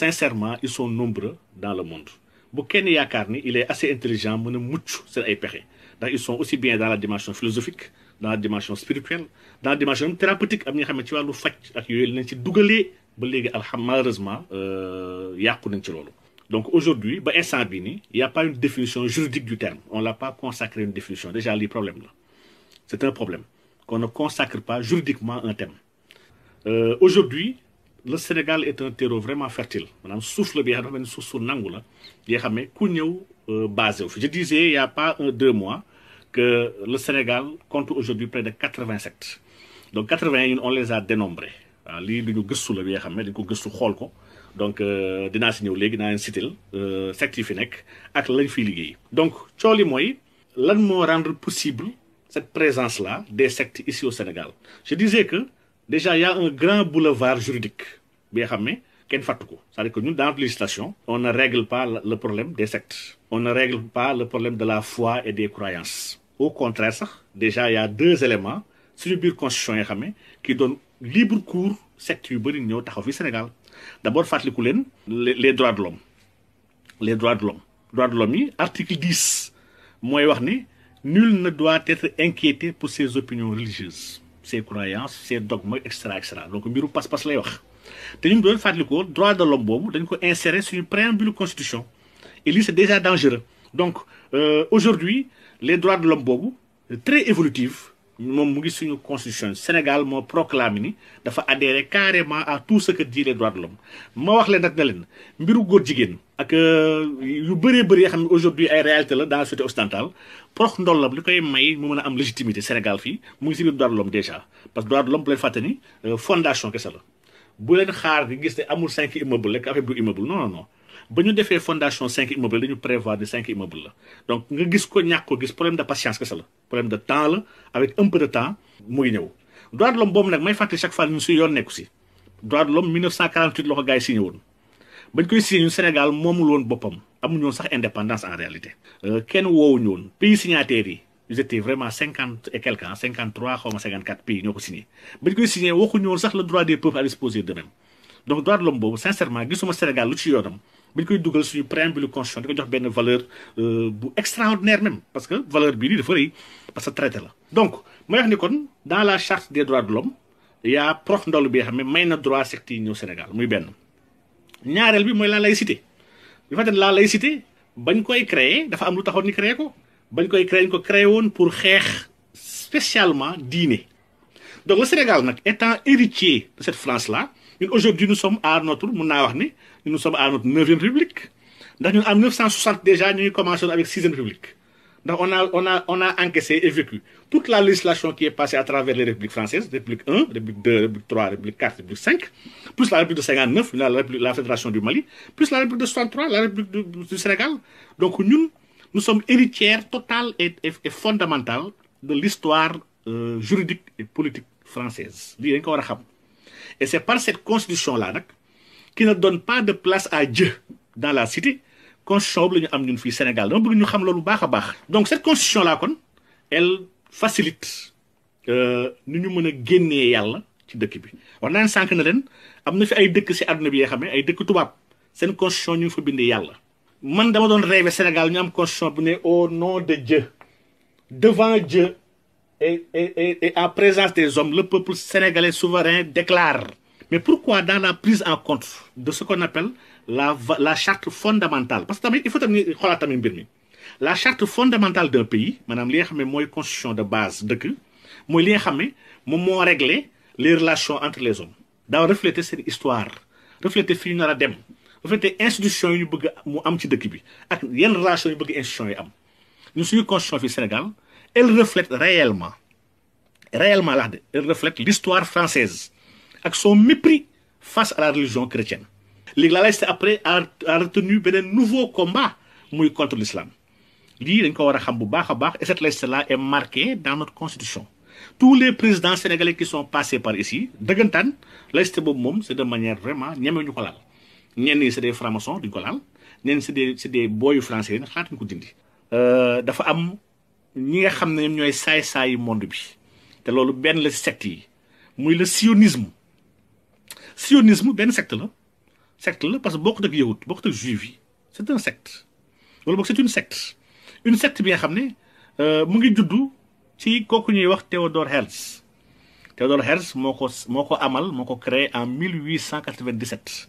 sincèrement ils sont nombreux dans le monde bu il est assez intelligent ils sont aussi bien dans la dimension philosophique dans la dimension spirituelle dans la dimension thérapeutique am nga xam ci malheureusement euh, donc aujourd'hui il n'y a pas une définition juridique du terme on l'a pas consacré une définition déjà les problème c'est un problème qu'on ne consacre pas juridiquement un terme euh, aujourd'hui le Sénégal est un terreau vraiment fertile maanaam souffle souffle bien, dans une sous suuf su nangu la bi euh, basé je disais il y a pas un deux mois que le Sénégal compte aujourd'hui près de 87. sectes. donc 81, on les a dénombrés waaw lii du ñu la bi nga xam ne dañ donc euh, dinaa si ñëw léegi naa leen sitil euh, secte fi nekk ak lañ fiy donc lan moo rendre possible cette présence là des sectes ici au Sénégal je disais que déjà il y a un grand boulevard juridique bi nga ko c'est-à-dire que nous, dans la législation on ne règle pas le problème des sectes on ne règle pas le problème de la foi et des croyances au contraire déjà il y a deux éléments sur biir constitution qui donne libre cours secte yu bëri ñëw taxaw fi Sénégal d'abord fàttaliku leen les droits de l'homme les droits de l'homme droits de l'homme article 10 mooy wax nul ne doit être inquiété pour ses opinions religieuses ses croyances ses dogmes etc. et cetera donc mbiru pas-pas lay wax te ñu doon le droit de l'homme boobu dañ ko insérer sur une préambule constitution et là, c'est déjà dangereux donc euh, aujourd'hui les droits de l'homme sont très évolutif moom mu ngi suñu constitution Sénégal moo proclamé ni dafa carrément à tout ce que dit les droits de l'homme ma wax leen nag ne leen mbiru góor jigéen ak euh, yu bëree bëri aujourd'hui ay réalité dans la société occidentale prox ndollam li koy may mu mën a am légitimité Sénégal fii mu ngi si droit de l'homme déjà parce que droit de l'homme bu leen fàtte ni euh, fondation kese bu leen xaar di gis ne amul cinq immeuble rek affaire du immeuble non non non ba ñu defee fondation cinq immeuble dañu prévoir ne cinq immeuble la donc nga gis ko ñàkk ko gis problème de patience kese la problème de temps la avec un peu de temps mu ngi ñëw droit de boobu nag may fàttali chaque fois ñu si yoon nekku si droit de l'homme 1948 la ko gars yi signé woon bañ koy signé ñun Sénégal moomul woon boppam amuñu sax indépendance en réalité euh, kenn woowuñu woon pays signataires yi ils étaient vraiment 50 et quelques ans 53, 54 pays ñoo ko signé ba ñu ont signé waxuñu woon sax le droit des peuples à disposer d'eux-mêmes donc droit de l'homme boobu sincèrement au Sénégal lu ci yoonam ba ñu koy dugal suñu préambule constitution di ko jox benn valeur euh, bu extraordinaire même parce que valeur bii il faut parce que traité là. donc ma je ni kon dans la charte des droits de l'homme il y a prof ndol bi bien mais ne de droit secte au Sénégal muy benn ñaareel bi mooy la laïcité bi fa la laïcité bañ koy créer dafa am lu taxoon ni créer ko bañ koy créé ko pour faire spécialement dîner. donc le Sénégal étant héritier de cette France là aujourd'hui nous sommes à notre mun naa nous sommes à notre neuvième république ndax en 1960 déjà nous commençons commencé avec sixième république Donc, on a on a on a encaissé et vécu toute la législation qui est passée à travers les républiques françaises république 1 république 2 république 3 république 4 république 5 plus la république de 59 la république la fédération du Mali plus la république de 63 la république du Sénégal donc nous, nous sommes héritières totales et, et, fondamentales de l'histoire euh, juridique et politique française. Et c'est par cette constitution-là qui ne donne pas de place à Dieu dans la cité. qu'on Constitution Sénégal. Donc cette constitution-là, elle facilite euh, nous puissions gagner yalla ci dëkk bi war naan sànq na leen am na fi ay dëkk si àdduna bi yoo constitution ñu fa bind man dama doon rêver Sénégal ñu am constitution bu au nom de Dieu devant Dieu et et et en présence des hommes le peuple sénégalais souverain déclare. mais pourquoi dans la prise en compte de ce qu'on appelle la charte fondamentale parce que il faut tamit compte tamit la charte fondamentale d'un pays manam li nga xam constitution de base de moy li nga xam régler les relations entre les hommes da refléter cette histoire refléter fi dem en fait institution yi ñu bëgg mu am ci dëkk bi ak yenn relation yu bëgg institution yi am ñun suñu constitution fi Sénégal elle reflète réellement réellement elle reflète l'histoire française ak son mépris face à la religion chrétienne léegi la après a retenu un nouveau combat contre l'islam lii dañ ko war xam et cette liste là est marquée dans notre constitution tous les présidents sénégalais qui sont passés par ici dëggantaan laïcité boobu moom c'est de manière vraiment ñenn ñi c'est des francs-maçons duñ ko c'est des c'est des français euh, am ñi nga xam ne ñoom ñooy saay monde bi te secte le sionisme sionisme benn secte la secte parce que bokk c'est un secte wala boog c'est une secte une secte bi nga xam ne euh, mu ngi juddu ci kooku ñuy wax Théodore Herz. Théodore Herz amal créé en 1897.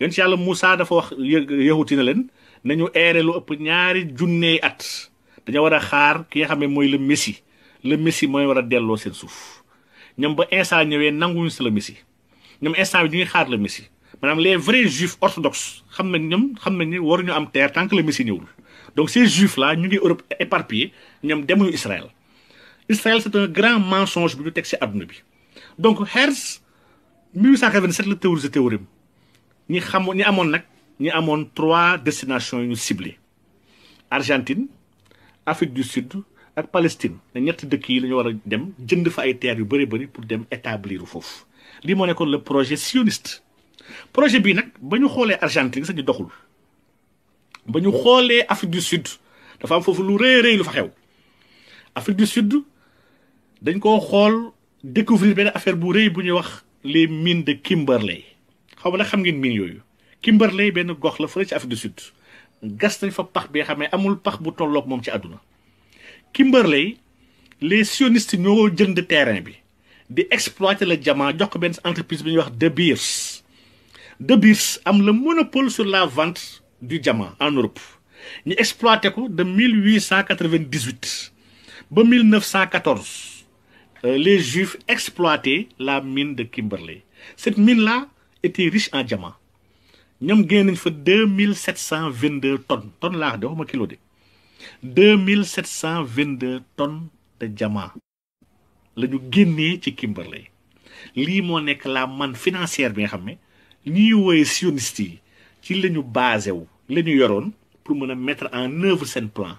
yon ci yàlla Moussa dafa wax yahuti na leen nañu eere lu ëpp ñaari junney at dañoo war a xaar ki nga xam ne mooy le messi le messi mooy war a delloo seen suuf ñoom ba instant ñëwee nanguñu si le messi ñoom instant bi ñu ngi xaar le messi maanaam les vrais juifs orthodoxes xam nañ ñoom xam nañ ni waruñu am terre tant que le messi ñëwul donc ces juifs là ñu ngi Europe éparpillés ñoom demuñu Israël Israël c'est un grand mensonge bu ñu teg si àdduna bi donc Hertz 1887 la théorisé théorème ni xamoon ñi amoon nag ñi amoon trois destinations yu ciblées Argentine Afrique du Sud ak Palestine ne ñetti dëkk yi lañu ñu war a dem jënd fa ay terre yu bëri bëri pour dem établir foofu lii moo nekkoon le projet sioniste projet bi nag ba ñu xoolee Argentine sax ñu doxul ba ñu Afrique du Sud dafa am foofu lu rëy rëy lu fa xew Afrique du Sud dañ koo xool découvrir benn affaire bu rëy bu ñuy wax les mines de Kimberley xaw ma nag xam ngeen mine yooyu Kimberley benn gox la fële ci Afrique du Sud gas nañ fa pax bi nga amul pax bu tolloog moom ci àdduna Kimberley les sionistes ñoo jënd terrain bi di exploiter le diamant jox ko benn entreprise bi ñuy wax De Beers De Beers am le monopole sur la vente du diamant en Europe ñu exploité ko de 1898 ba 1914 euh, les juifs exploitaient la mine de Kimberley cette mine là était riche en diamants. nous avons gagné fa deux tonnes tonnes là, de waxuma kilo de deux tonnes de diamants. la avons gagné ci Kimberley ce moo nekk la manne financière bi nga xam ne ñiy sioniste ci basé wu pour mettre en œuvre ce plan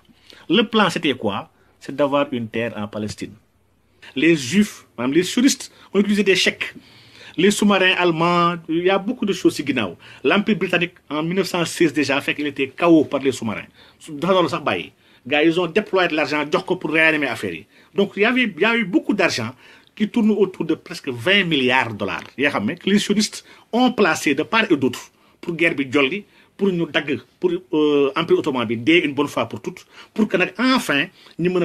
le plan c'était quoi c'est d'avoir une terre en Palestine les juifs même les sionistes ont utilisé des chèques les sous-marins allemands, il y a beaucoup de choses qui sont L'Empire britannique, en 1906 déjà, fait qu'il était KO par les sous-marins. Dans le ils ont déployé de l'argent pour réanimer l'affaire. Donc, il y, avait, il y a eu beaucoup d'argent qui tourne autour de presque 20 milliards de dollars. Les sionistes ont placé de part et d'autre pour guerre pour nous dag pour euh, automobile dès une bonne fois pour toutes pour que nous enfin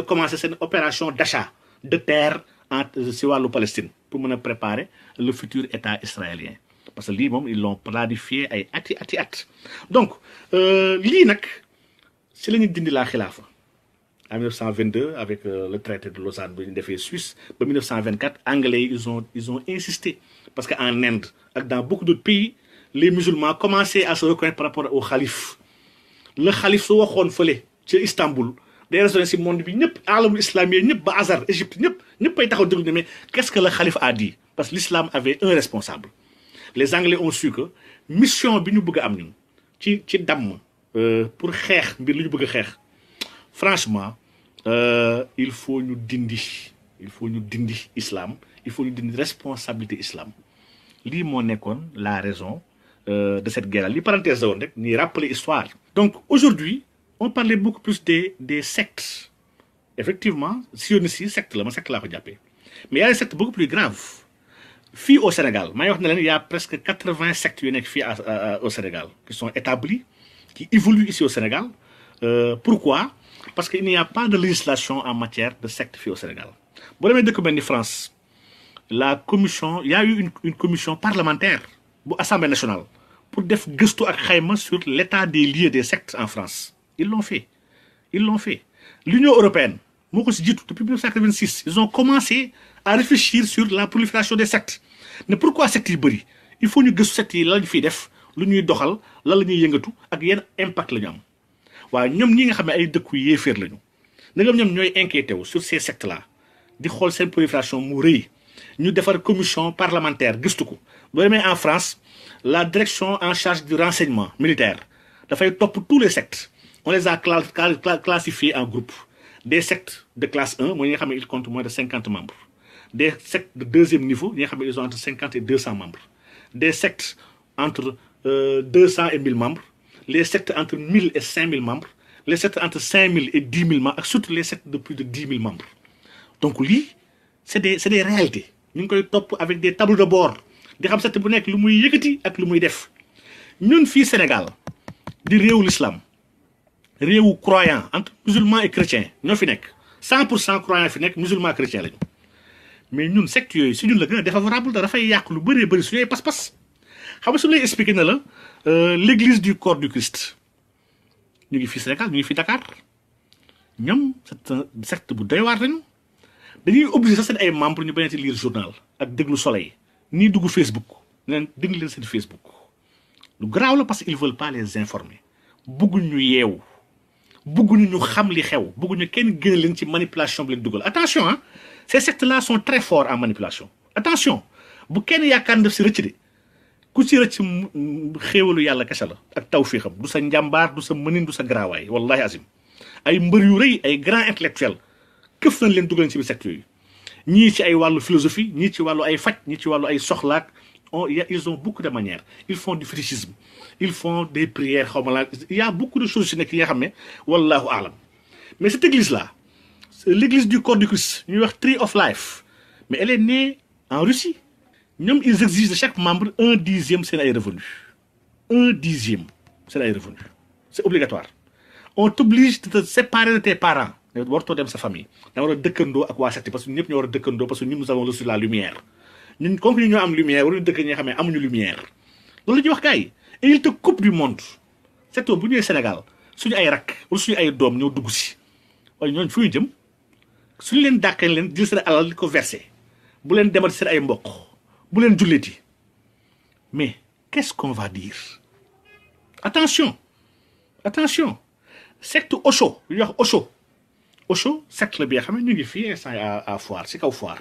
commencer cette opération d'achat de terre à wàllu Palestine pour me préparer le futur état israélien parce que lii ils l'ont planifié ay ati ati at donc euh, lii C'est si la ñu dindi la en 1922 avec euh, le traité de Lausanne des ñu Suisse ba 1924 anglais ils ont ils ont insisté parce que en Inde et dans beaucoup d'autres pays les musulmans commençaient à se reconnaître par rapport au xalif le xalif su waxoon fële C'est Istanbul day résonné si monde bi ñëpp alamul islam yi ñëpp ba azar Égypte ñëpp ñëpp ay taxaw déglu ne mais qu'est-ce que le khalife a dit parce que l'islam avait un responsable les anglais ont su que mission bi ñu bëgg am ñun ci ci damm euh, pour xeex mbir li ñu bëgg xeex franchement euh, il faut ñu dindi il faut ñu dindi islam il faut ñu dindi responsabilité islam li mo nekkoon la raison euh, de cette guerre li parenthèse la woon rek ni rappeler histoire donc aujourd'hui on parlait beaucoup plus des, des sectes. Effectivement, si on secte c'est secte là, ko Mais mais y a des sectes beaucoup plus graves filles au Sénégal il y a presque 80 sectes au Sénégal qui sont établies qui évoluent ici au Sénégal euh, pourquoi parce qu'il n'y a pas de législation en matière de sectes filles au Sénégal Pour même de de France la commission il y a eu une, commission parlementaire l'Assemblée Assemblée nationale pour faire un sur l'état des lieux des sectes en France ils l'ont fait. Ils l'ont fait. L'Union européenne, depuis 1986, ils ont commencé à réfléchir sur la prolifération des sectes. Mais pourquoi sectes Il faut nous sectes là, nous faisons, lu ñuy doxal lan la ñuy yëngatu ak impact Nous avons am waaye nous, ñi nga xam faire inquiété sur ces sectes là di xool une prolifération mourir. Nous ñu commission parlementaire gëstu ko en France la direction en charge du renseignement militaire fait top tous les sectes on les a classifiés en groupes. Des sectes de classe 1, moi, ils comptent moins de 50 membres. Des sectes de deuxième niveau, ils ont entre 50 et 200 membres. Des sectes entre 200 euh, et 1000 membres. Les sectes entre 1000 et 5000 membres. Les sectes entre 5000 et 10 000 membres. surtout les sectes de plus de 10 000 membres. Donc, lui, c'est des, des réalités. Nous top avec des tables de bord. Des sectes pour nous, nous sommes et nous def. Nous, au Sénégal, du réel l'islam réewu croyant entre musulmans et chrétiens. ñoo fi croyant fi nek lañu secte si ñun la défavorable lu bëri xam la euh, l'église du corps du Christ ñu fi Sénégal ñu fi Dakar ñom secte bu doy war dañuy obligé sa ay membres ñu lire journal ak déglu soleil ni Facebook Facebook lu grave parce qu'ils veulent pas les informer ñu yew bëgguñu ñu xam li xew bëgguñu kenn génne leen ci manipulation bi leen dugal attention hein, ces sectes là sont très forts en manipulation attention bu kenn yaakaar def si rëcc de ku ci rëcc xéewalu yàlla kese la ak tawfiixam du sa njàmbaar du sa mënin du sa garaawaay wallahi azim ay mbër yu rëy ay grand intellectuel këf nañ leen dugal ci bi secte yooyu ñii ci ay wàllu philosophie ñii ci wàllu ay faj ñii ci wàllu ay soxlaak Oh, ils ont beaucoup de manières. Ils font du fétichisme, ils font des prières. Il y a beaucoup de choses qui Mais cette église-là, l'église du corps du Christ, New York Tree of Life, mais elle est née en Russie. Ils exigent de chaque membre un dixième et revenu. Un dixième et revenu. C'est obligatoire. On t'oblige de te séparer de tes parents. wartoo dem sa famille da nga war ak parce que a parce que nous avons reçu la lumière ñun comme ñu am lumière wala dëkk ñi amuñu lumière et il te coupe du monde Sénégal suñu ay suñu ay ñoo dugg si suñu alal ko versé bu ay mbokk bu mais qu'est-ce qu'on va dire attention attention secte Osho, Osho, Ocho secte bi à foire foire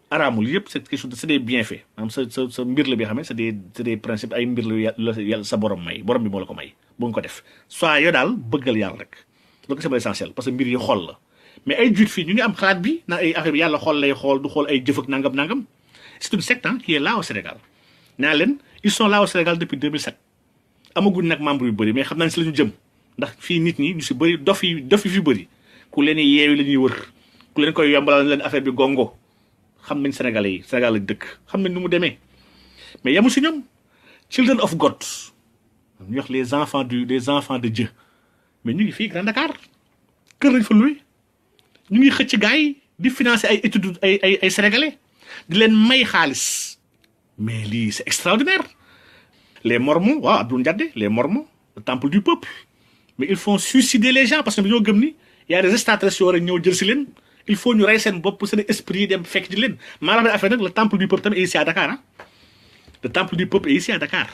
araamul yëpp c'est question de c'est des bienfaits maanaam sa sa sa mbir la bi xam ne c'est des c'est des principes ay mbir la yàlla sa borom may borom bi moo la ko may bu nga ko def soit yoo daal bëggal yàlla rek loolu ko c'est l'essentiel parce que mbir yi xol la mais ay juit fii ñu ngi am xalaat bi na ay affaire bi yàlla xool lay xool du xool ay jëf ak nangam nangam c'est une secte hein, qui est là au Sénégal naa leen ils sont là au Sénégal depuis 2007 amaguñ nag membre yu bëri mais xam naa si la ñu jëm ndax fii nit ñi ñu si bëri dof yi dof yi fi bëri ku leen yeewi la ñuy wër ku leen koy yombalal leen affaire bi gongo xam nañ Sénégalais yi Sénégal lañ dëkk xam nañ nu mu demee mais yamu si ñoom children of God ñu wax les enfants du les enfants de Dieu mais ñu ngi fii Grand Dakar kër lañ fa luy ñu ngi xëcc gaay di financer ay études ay ay ay sénégalais di leen may xaalis mais lii c'est extraordinaire les mormons waaw Abdou Ndiadé les mormons le temple du peuple mais ils font suicider les gens parce que dañoo gëm ni y a des extraterrestres yoo war a ñëw jël si leen il faut ñu rey seen bopp seen esprit dem fekk di leen maanaam la affaire nag le temple du peuple tamit est ici à Dakar ah le temple du peuple est ici à Dakar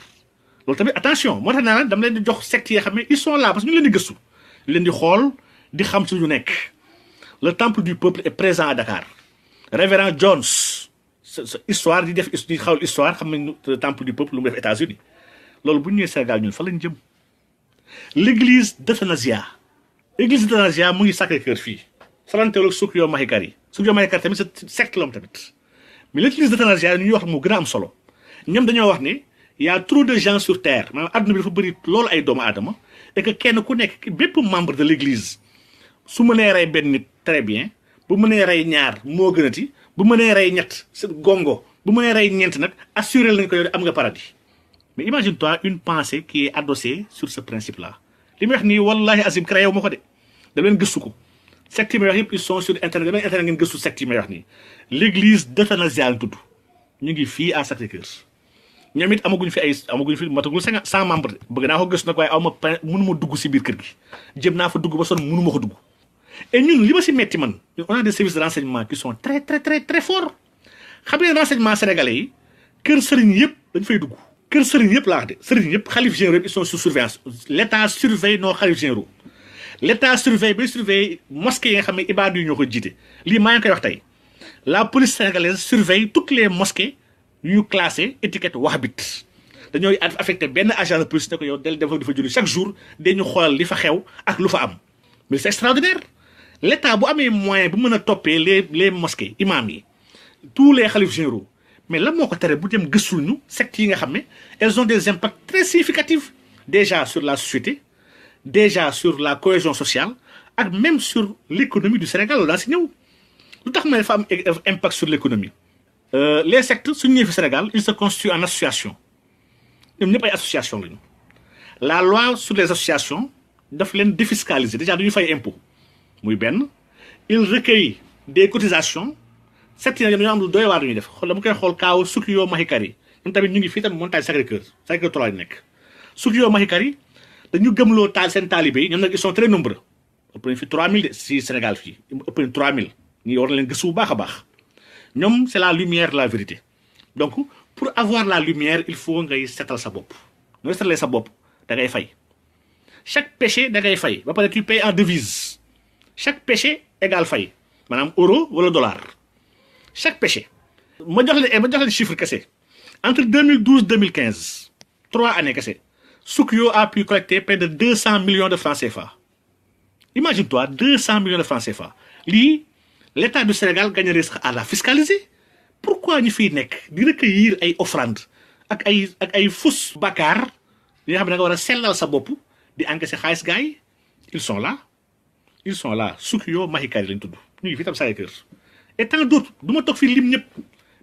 loolu tamit attention moo tax naa dama leen di jox secte yi xam ne ils sont là parce que ñu leen di gëstu ñu leen di xool di xam suñu nekk le temple du peuple est présent à Dakar révérend Jones sa histoire di def di xawul histoire xam nañ le temple du peuple lu mu def États-Unis loolu bu ñu ñëwee Sénégal ñun fa lañ jëm l' église d'euthanasia église d'euthanasia mu ngi Sacré-Cœur fii. salanteelu Sukuyo Mahikari Sukuyo Mahikari tamit c'est secte l'homme tamit mais l'utilise d'euthanasia ñu wax mo gëna am solo ñom dañoo wax ni y a trop de gens sur terre manam aduna bi dafa bari lool ay doomu adama et que kenn ku nekk bépp membre de l'église su mënee rey benn nit très bien bu mënee rey ñaar moo ti bu mënee rey ñett gongo bu mënee rey ñent nag assuré lañ ko yow am nga paradis mais imagine toi une pensée qui est adossée sur ce principe là li muy wax ni wallahi azim créé yow ma ko de da leen gëstu ko secte yëpp ils sont sur internet ñu ngi fii à Sacré-Cœur ñoom it amaguñ fi ay amaguñ fi matagul cinq cent membre de bëgg naa ko gëstu nag waaye ma pa mënuma dugg si biir kër gi jëm naa fa dugg ba sonn mënuma ko dugg et ñun li ma man on a des services de renseignement qui sont très très très très forts xam sëriñ yëpp dañ fay dugg kër sëriñ yëpp laa wax de yëpp xalif généraux ils sont sous surveillance l'état surveille xalif généraux L'État surveille bay surveille mosquées yi nga xamné ne ibaadu yi ñoo ko jiite ngi koy wax tay la police sénégalaise surveille toutes les mosquées yu classé étiquette wahhabite dañoy affecté ben agent de police ne ko yow del def def fa chaque jour dañu xol li fa xew ak lu fa am mais c'est extraordinaire L'État bu amé moyen bu mëna topé les les mosquées imam yi tous les xalifes généraux mais lan moo ko bu dem gëstul ñu sectes yi nga xamné elles ont des impacts très significatifs déjà sur la société déjà sur la cohésion sociale et même sur l'économie du Sénégal loolu daa si les femmes ont impact sur l'économie euh, les secteurs suñu ñëwee Sénégal ils se constituent en association ñoom ñëpp pas association la loi sur les associations daf leen défiscaliser déjà duñu fay impôt muy ben. il recueille des cotisations setti na dañoo am lu doy waar ñuy def xool dama koy xool kaaw Sukiyo Mahikari ñoom tamit ñu ngi fii tamit montagne Sacré-Cœur Sacré-Cœur trois lañu nekk Sukiyo Mahikari dañu gëm lo tal sen nak ils sont très nombreux ëpp nañ fi 3000 de si Sénégal fi ëpp 3000 ñi war leen gëstu baaxa baax a c'est la lumière la vérité donc pour avoir la lumière il faut ngay sétal sa bop nooy setalee sa bop da ngay fay chaque péché da ngay fay ba paré tu payes en devise chaque péché égal fay manam euro wala dollar chaque péché. ma jox leen ma jox chiffre cassé, entre 2012 2015 trois années kese. Sukio a pu collecter près de 200 millions de francs CFA. Imagine-toi, 200 millions de francs CFA. Lui, l'État du Sénégal gagnerait à la fiscaliser. Pourquoi nous faisons de recueillir des offrandes avec des fausses bakar Nous avons besoin de celles-là, de Sabopou, de Angese Khaïs Gaï. Ils sont là. Ils sont là. Soukyo, Mahikari, tout. Nous vivons avec ça. Et tant d'autres, nous avons fait l'imnip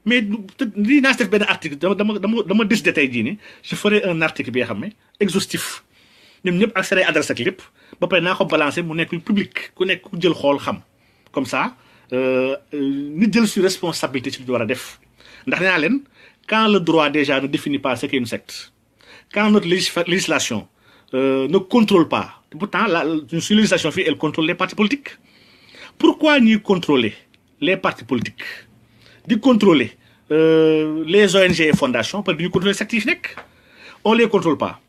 mais je na si def article dama dama dama dis je ferai un article exhaustif Nous ñep ak à adresse ak lepp ba balancer mu nekk public ku nekk ku jël comme ça euh, euh, ni jël su responsabilité ci lu war def ndax quand le droit déjà ne définit pas ce qu'est une secte quand notre législation euh, ne contrôle pas pourtant la législation fait, elle contrôle les partis politiques pourquoi ni contrôler les partis politiques de contrôler euh, les ONG et fondations parce que du contrôler on les contrôle pas